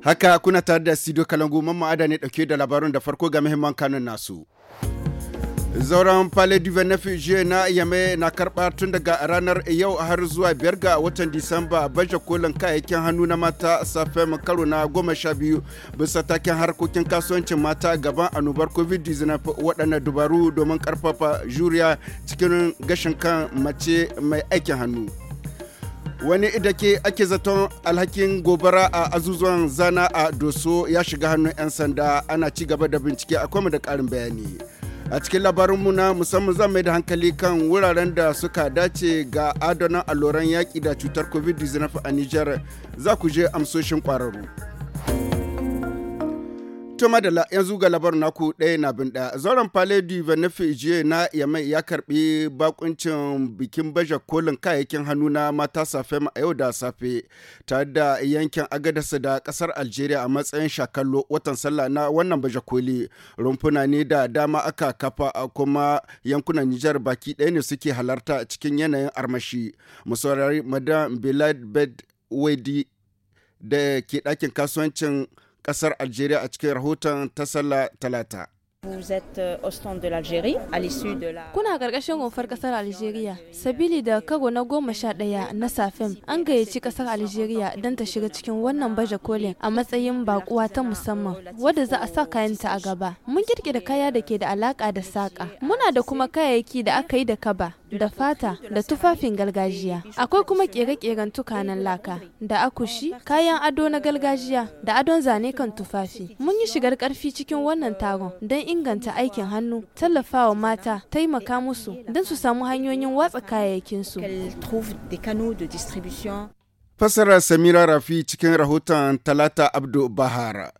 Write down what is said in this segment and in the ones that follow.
Haka kuna tare da studio Kalangu mamma ada ne dauke da labarun da farko ga muhimman kanun nasu. Zauren Palais du Venefuge na Yame na karɓa tun daga ranar yau har zuwa biyar ga watan Disamba baje kolin kayayyakin hannu na mata safen karo na goma sha biyu bisa taken harkokin kasuwancin mata gaban annobar COVID-19 waɗannan dubaru domin karfafa juriya cikin gashin kan mace mai aikin hannu. wani da ke ake zaton alhakin gobara a azuzuwan zana a doso ya shiga hannun 'yan sanda ana ci gaba da bincike a akwai da karin bayani a cikin labarinmu na musamman zan mai da hankali kan wuraren da suka dace ga adana alloran yaƙi da cutar covid-19 a nijar za ku je amsoshin kwararru. To madala yanzu ga labar naku ɗaya na bin ɗaya. Zauren pale du benefice na Yamai ya karbi bakuncin bikin baje kolin kayayyakin hannu na mata safe a yau da safe tare da yankin agadasa da kasar Algeria a matsayin shakallo watan sallah na wannan baje koli. Rumfuna ne da dama aka kafa a kuma yankunan Nijar baki ɗaya ne suke halarta cikin yanayin armashi. Musaurari Madam Bilad Bed Wedi da ke ɗakin kasuwancin kasar Algeria a cikin rahoton ta sallah talata. Euh, Kuna karkashin rumfar kasar Algeria sabili da kago na goma sha ɗaya na safen an gayyaci kasar Algeria don ta shiga cikin wannan baje kolin a matsayin bakuwa ta musamman wadda za a sa kayanta a gaba mun kirkira kaya da ke da alaƙa da saƙa muna da kuma kayayyaki da aka yi da kaba da fata da tufafin gargajiya akwai kuma kere-keren tukanan laka da akushi kayan ado na gargajiya da adon zane kan tufafi mun yi shigar karfi cikin wannan taron don inganta aikin hannu tallafawa mata taimaka musu don su samu hanyoyin watsa kayayyakinsu Fasara Samira Rafi cikin rahoton Talata Abdu Bahara.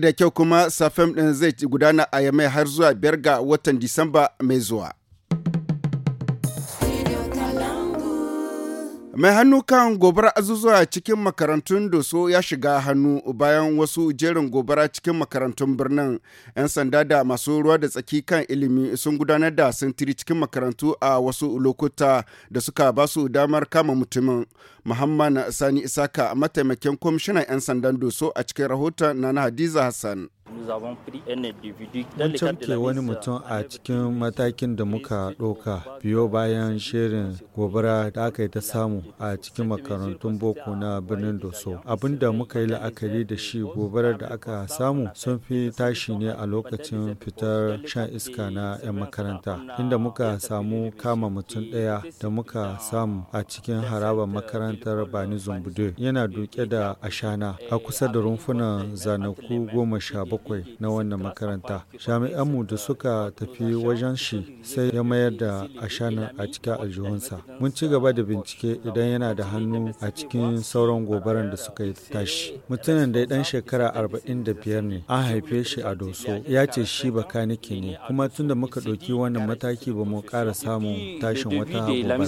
da kyau kuma safem ɗin zai gudana a yamai har zuwa biyar ga watan Disamba mai zuwa. mai hannu kan gobara azuzuwa cikin makarantun doso ya shiga hannu bayan wasu jerin gobara cikin makarantun birnin 'yan sanda da masu ruwa da tsaki kan ilimi sun gudanar da sintiri cikin makarantu a wasu lokuta da suka ba su damar kama mutumin muhammad sani isaka mataimakin kwamishinan 'yan sandan doso a cikin rahoton na hadiza hassan Mun ke wani mutum a cikin matakin da muka ɗauka biyo bayan shirin gobara da aka yi ta samu a cikin makarantun boko na birnin Doso. Abin da muka yi la'akari da shi gobarar da aka samu sun fi tashi ne a lokacin fitar shan iska na 'yan makaranta, inda muka samu kama mutum ɗaya da muka samu a cikin harabar euh, makarantar Bani Zumbude. Yana duke da ashana a kusa da rumfunan zanaku goma sha bakwai. bakwai na wannan makaranta jami'anmu da suka tafi wajen shi sai ya mayar da ashana a cikin aljihunsa mun ci gaba da bincike idan yana da hannu a cikin sauran gobaran da suka yi tashi mutumin da dan shekara arba'in da biyar ne an haife shi a doso ya ce shi bakanike ne kuma tunda muka ɗauki wannan mataki ba mu ƙara samun tashin wata gobara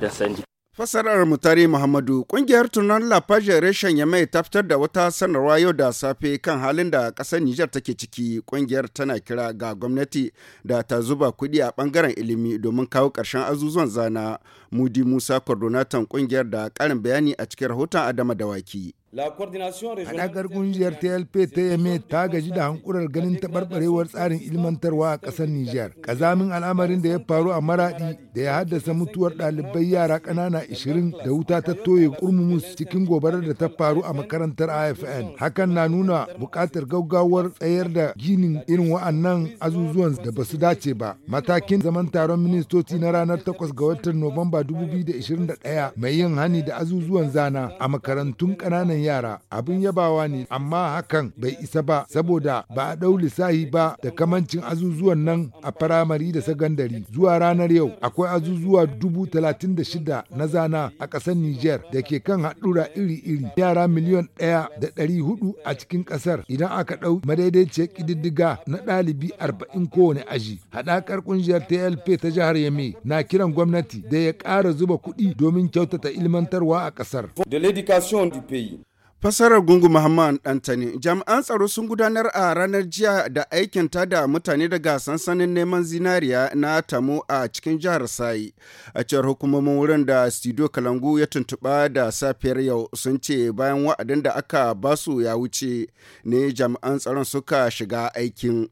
ba Fasarar Mutare Muhammadu kungiyar tunan Lafaje reshen ya mai tafitar da wata sanarwa yau da safe kan halin da ƙasar Nijar take ciki ƙungiyar tana kira ga gwamnati da ta zuba kuɗi a ɓangaren ilimi domin kawo ƙarshen azuzuwan zana Mudi Musa Kordonatan kungiyar da ƙarin bayani a cikin rahoton Adama Dawaki. Haɗakar ƙungiyar TLP-TMA ta gaji da hankurar ganin taɓarɓarewar tsarin ilmantarwa a ƙasar Nijar. Ƙazamin al'amarin da ya faru a Maraɗi da ya haddasa mutuwar ɗalibai yara ƙanana 20 da wuta ta toye kurmumus cikin gobarar da ta faru a makarantar AFN. Hakan na nuna buƙatar gaugawar tsayar da ginin irin wa'annan azuzuwan da ba su dace ba. Matakin zaman taron ministoci na ranar 8 ga watan Nuwamba 2021 mai yin hani da azuzuwan zana a makarantun ƙananan wannan yara abin yabawa ne amma hakan bai isa ba saboda ba a ɗau lissahi ba da kamancin azuzuwan nan a firamare da sakandare zuwa ranar yau akwai azuzuwa dubu talatin da shida na zana a ƙasar niger da ke kan haɗura iri-iri yara miliyon ɗaya da ɗari hudu a cikin ƙasar idan aka ɗau madaidaiciyar ƙididdiga na ɗalibi arba'in kowane aji haɗakar ƙungiyar TLP ta jihar Yame na kiran gwamnati da ya ƙara zuba kuɗi domin kyautata ilmantarwa a ƙasar. De l'éducation du pays. Fasarar Gungu Muhammad Dantani, jami'an tsaro sun gudanar a ranar jiya da aikin da mutane daga sansanin neman zinariya na tamu a cikin jihar Sai. A cewar hukumomin wurin da Studio Kalangu ya tuntuɓa da safiyar yau sun ce bayan wa'adin da aka basu ya wuce ne jami'an tsaron suka shiga aikin.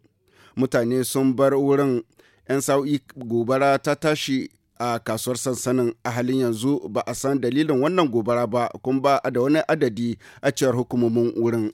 Mutane sun bar wurin 'yan sau'i gobara ta tashi a kasuwar sansanin a halin yanzu ba a san dalilin wannan gobara ba kuma ba da wani adadi a cewar hukumomin wurin.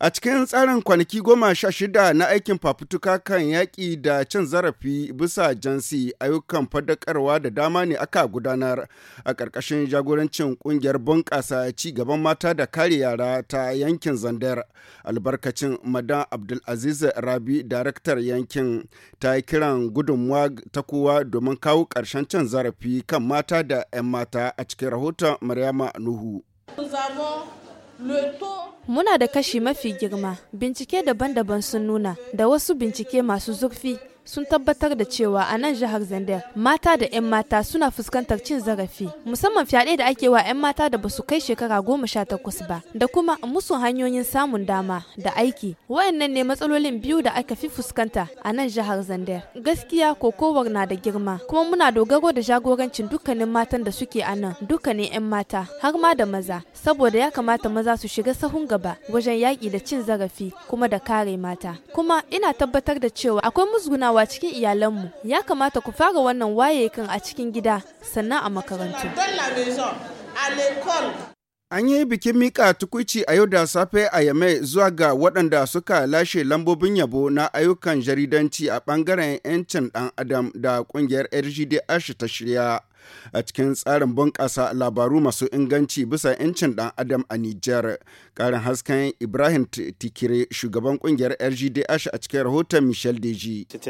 A cikin tsarin kwanaki goma sha shida na aikin fafutuka kan yaƙi da cin zarafi bisa jansi ayyukan fadakarwa da dama ne aka gudanar a ƙarƙashin jagorancin ƙungiyar bunƙasa ci gaban mata da kare yara ta yankin Zandar. Albarkacin Madan Abdulaziz Rabi, daraktar yankin, ta yi kiran gudunmuwa ta kowa domin kawo ƙarshen cin zarafi kan mata da 'yan mata a cikin rahoton Maryama Nuhu. Muna da kashi mafi girma, bincike daban-daban sun nuna, da wasu bincike masu zurfi sun tabbatar da cewa a nan jihar Zandar mata da 'yan mata suna fuskantar cin zarafi musamman fyaɗe da ake wa 'yan mata da basu kai shekara goma sha takwas ba da kuma musu hanyoyin samun dama da aiki wayannan ne matsalolin biyu da aka fi fuskanta a nan jihar Zandar gaskiya kokowar na da girma kuma muna dogaro da jagorancin dukkanin matan da suke a nan dukkanin 'yan mata har ma da maza saboda ya kamata maza su shiga sahun gaba wajen yaƙi da cin zarafi kuma da kare mata kuma ina tabbatar da cewa akwai musgunawa yawa cikin iyalanmu ya kamata ku fara wannan waye kan a cikin gida sannan a makarantu. An yi bikin mika tukuci a yau da safe a Yamai zuwa ga waɗanda suka lashe lambobin yabo na ayyukan jaridanci a ɓangaren 'yancin ɗan adam da ƙungiyar RGDH ta shirya. a cikin tsarin bunƙasa labaru masu inganci bisa 'yancin ɗan adam a Nijar. Ƙarin hasken Ibrahim Tikire shugaban ƙungiyar RGDH a cikin rahoton Michel Deji. Gasa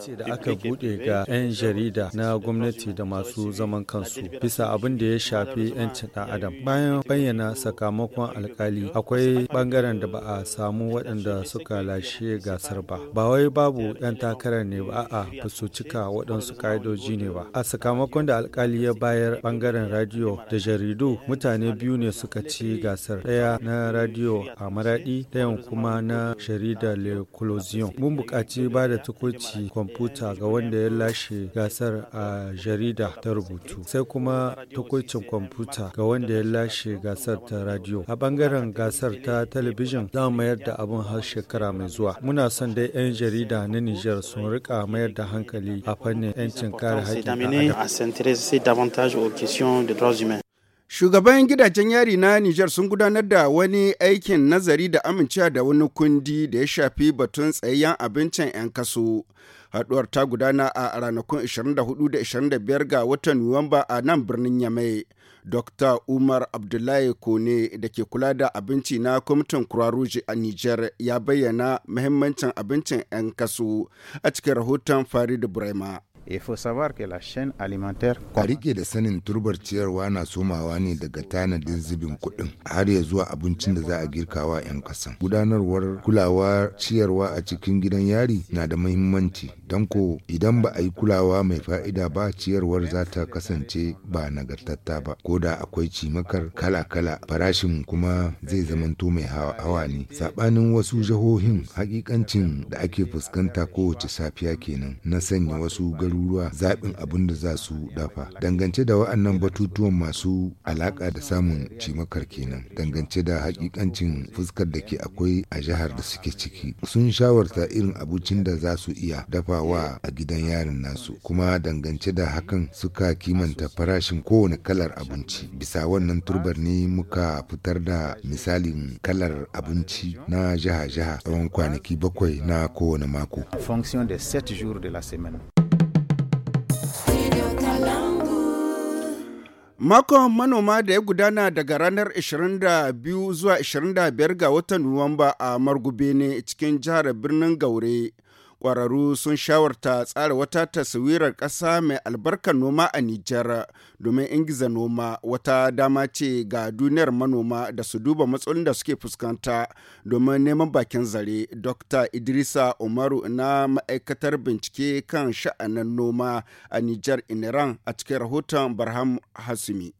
ce da aka buɗe ga 'yan jarida na gwamnati da masu zaman kansu bisa abin da ya shafi 'yancin ɗan adam. Bayan bayyana sakamakon alkali akwai ɓangaren da ba a samu waɗanda suka lashe gasar ba. Ba wai babu 'yan takarar ne ba a cika waɗansu ƙa'idoji ne ba. A sakamakon da alkali ya bayar bangaren radio da jaridu mutane biyu ne suka ci gasar daya na radio a maradi daya kuma na jarida le colosion mun buƙaci ba da tukurci kwamfuta ga wanda ya lashe gasar a jarida ta rubutu sai kuma tukurcin kwamfuta ga wanda ya lashe gasar ta radio a bangaren gasar ta talabijin za mu mayar da abin har shekara mai zuwa muna son dai 'yan jarida na nijar sun rika mayar da hankali a fannin 'yancin kare haƙƙin s'intéresser davantage aux questions des droits humains. Shugaban gidajen yari na Nijar sun gudanar da wani aikin nazari da amincewa da wani kundi da ya shafi batun tsayayyen abincin 'yan kaso. Haɗuwar ta gudana a ranakun 24 da 25 ga watan Nuwamba a nan birnin Yamai. Dr. Umar Abdullahi Kone da ke kula da abinci na kwamitin Kuraruje a Nijar ya bayyana mahimmancin abincin 'yan kaso a cikin rahoton Farid Burema. la A rike da sanin turbar ciyarwa na somawa ne daga tanadin zubin kuɗin har ya zuwa abincin da za a girkawa 'yan kasan. Gudanarwar kulawa ciyarwa a cikin gidan yari na da muhimmanci. don ko idan ba a yi kulawa mai fa'ida ba ciyarwar za ta kasance ba nagartatta ba. Ko da akwai cimakar kala-kala farashin kuma zai zamanto mai hawa ne. Saɓanin wasu jihohin hakikancin da ake fuskanta kowace safiya kenan na sanya wasu garu garuruwa zaɓin abin da za su dafa. Dangance da wa'annan batutuwan masu alaƙa da samun cimakar kenan, dangance da hakikancin fuskar da ke akwai a jihar da suke ciki. Sun shawarta irin abincin da za su iya dafawa a gidan yarin nasu, kuma dangance da hakan suka kimanta farashin kowane kalar abinci. Bisa wannan turbar ne muka fitar da misalin kalar abinci na jiha-jiha tsawon kwanaki bakwai na kowane mako. fonction de de la Makon manoma da ya gudana daga ranar 22 zuwa 25 ga watan Nuwamba a margube ne cikin jihar birnin Gaure. kwararru sun shawarta tsara wata taswirar ƙasa mai albarkar noma a Nijar domin ingiza noma wata dama ce ga duniyar manoma da su duba matsalolin da suke fuskanta domin neman bakin zare. Dr. Idrisa Umaru na ma'aikatar bincike kan sha'anin noma a Nijar Iniran a cikin rahoton Barham Hasumi.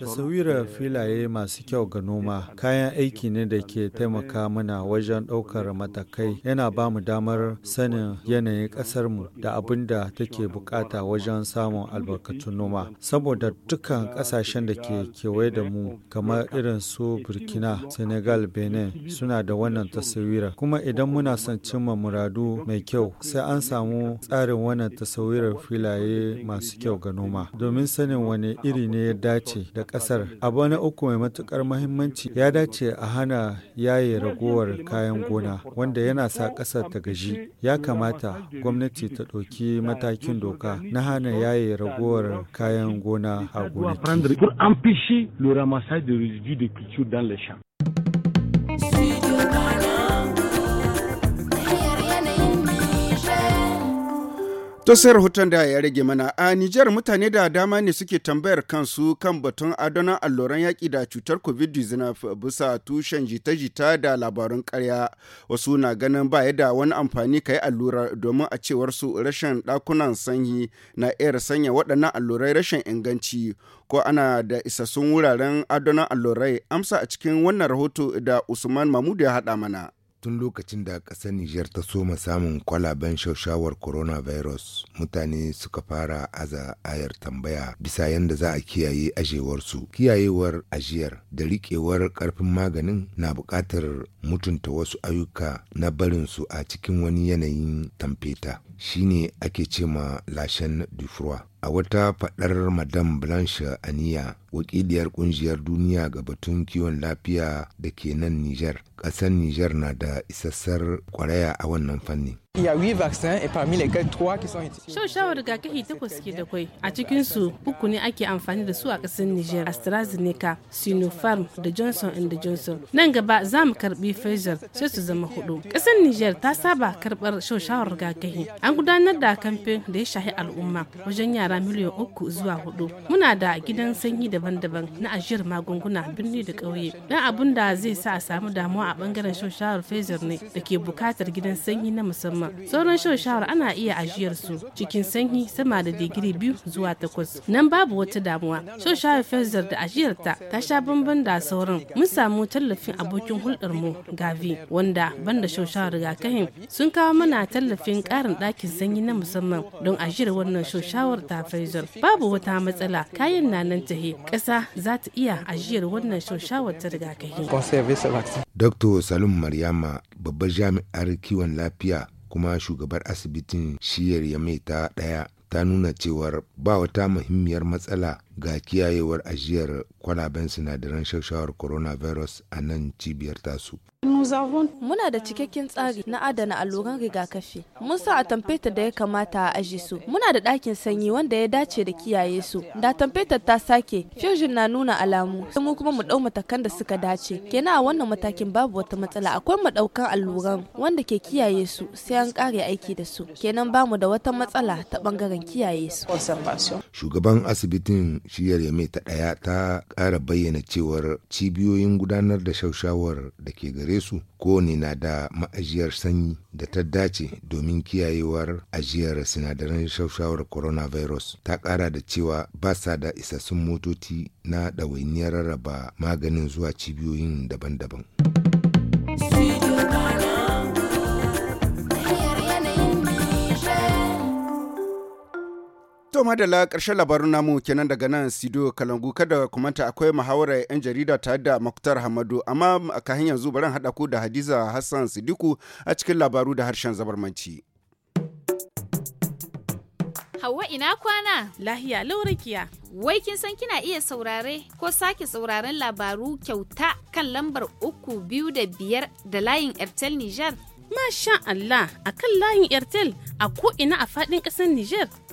Tasawirar filaye masu kyau ga noma kayan aiki ne da ke taimaka mana wajen ɗaukar matakai yana ba mu damar sanin yanayin ƙasarmu da abin da take buƙata wajen samun albarkatun noma. Saboda dukkan ƙasashen da ke kewaye da mu kamar irin su Burkina, Senegal, Benin suna da wannan tasawira. Kuma idan muna son cimma muradu mai kyau sai an samu tsarin wannan tasawirar filaye masu kyau ga noma domin sanin wani iri ne ya dace da kasar Abu na uku mai matukar mahimmanci ya dace a hana yaye ragowar kayan gona wanda yana sa ƙasar ta gaji. Ya kamata gwamnati ta ɗauki matakin doka na hana yaye ragowar kayan gona a gonaki. wasu sai rahoton da ya rage mana a Nijar mutane da dama ne suke tambayar kansu kan batun adonan alluran yaƙi da cutar COVID-19 bisa tushen jita-jita da labarun karya Wasu na ganin ba da wani amfani ka yi allurar domin a cewar su rashin ɗakunan sanyi na iya sanya waɗannan allurai rashin inganci ko ana da isassun wuraren adonan allurai amsa a cikin wannan rahoto da Usman mamudu ya haɗa mana. tun lokacin da ƙasar Nijar ta soma samun kwalaben shaushawar coronavirus mutane suka fara aza ayar tambaya bisa yadda za a kiyaye ajewarsu. Kiyayewar ajiyar da riƙewar ƙarfin maganin na buƙatar mutunta wasu ayyuka na barinsu a cikin wani yanayin tamfeta shine ake ce ma lashen dufruwa a wata fadar madam blanche aniya wakiliyar kungiyar duniya ga batun kiwon lafiya da ke nan niger ƙasar niger na da isassar kwaraya a wannan fannin Il y a huit vaccins et parmi lesquels trois qui sont utilisés. Shaushawar rigakafi takwas ke da kwai. A cikin su uku ne ake amfani da su a ƙasar Niger, AstraZeneca, Sinopharm da Johnson and Johnson. Nan gaba za mu karbi Pfizer sai su zama hudu. Ƙasar Niger ta saba karbar shaushawar rigakafi. An gudanar da kamfen da ya shahi al'umma wajen yara miliyan uku zuwa hudu. Muna da gidan sanyi daban-daban na ajiyar magunguna birni da ƙauye. Dan abun da zai sa a samu damuwa a bangaren shaushawar Pfizer ne da ke bukatar gidan sanyi na musamman. sauran shan shawar ana iya ajiyar su cikin sanyi sama da digiri biyu zuwa takwas nan babu wata damuwa shan shawar fezzer da ajiyar ta ta sha bambam da sauran mun samu tallafin abokin hulɗar mu gavi wanda banda shan shawar rigakafin sun kawo mana tallafin ƙarin ɗakin sanyi na musamman don ajiyar wannan shan shawar ta fezzer babu wata matsala kayan na nan tahe ƙasa za ta iya ajiyar wannan shan shawar ta rigakafin. Dr. Salim Maryama babbar jami'ar kiwon lafiya kuma shugabar asibitin shiyar ya mai ta ɗaya ta nuna cewar ba wata muhimmiyar matsala ga kiyayewar ajiyar kwalaben sinadaran shashawar coronavirus a nan cibiyar tasu. Muna da cikakken tsari na adana alluran rigakafi. Mun sa a tamfeta da ya kamata a aji su. Muna da ɗakin sanyi wanda ya dace da kiyaye su. Da tamfetar ta sake, fusion na nuna alamu. Sai mu kuma mu ɗau matakan da suka dace. Kenan a wannan matakin babu wata matsala. Akwai mu ɗaukan alluran wanda ke kiyaye su sai an ƙare aiki da su. Kenan bamu da wata matsala ta ɓangaren kiyaye su. Shugaban asibitin shiyar yame ta ɗaya ta ƙara bayyana cewar cibiyoyin gudanar da shaushawar da ke gare su kowane na da ma'ajiyar sanyi da ta dace domin kiyayewar ajiyar sinadaran shaushawar coronavirus ta ƙara da cewa ba sa da isassun motoci na ɗawainiyar rarraba maganin zuwa cibiyoyin daban-daban. To madala ƙarshen labarun namu kenan daga nan studio Kalangu kada kumanta akwai muhawara 'yan jarida tare da Muktar Hamadu amma hanyar yanzu bari haɗa ku da Hadiza Hassan Sidiku a cikin labaru da harshen zabarmanci. Hauwa ina kwana? Lahiya laurakiya. Wai kin san kina iya saurare ko sake sauraren labaru kyauta kan lambar uku biyu da biyar da layin Airtel Niger? Masha Allah akan layin Airtel a ko ina a faɗin ƙasar Niger.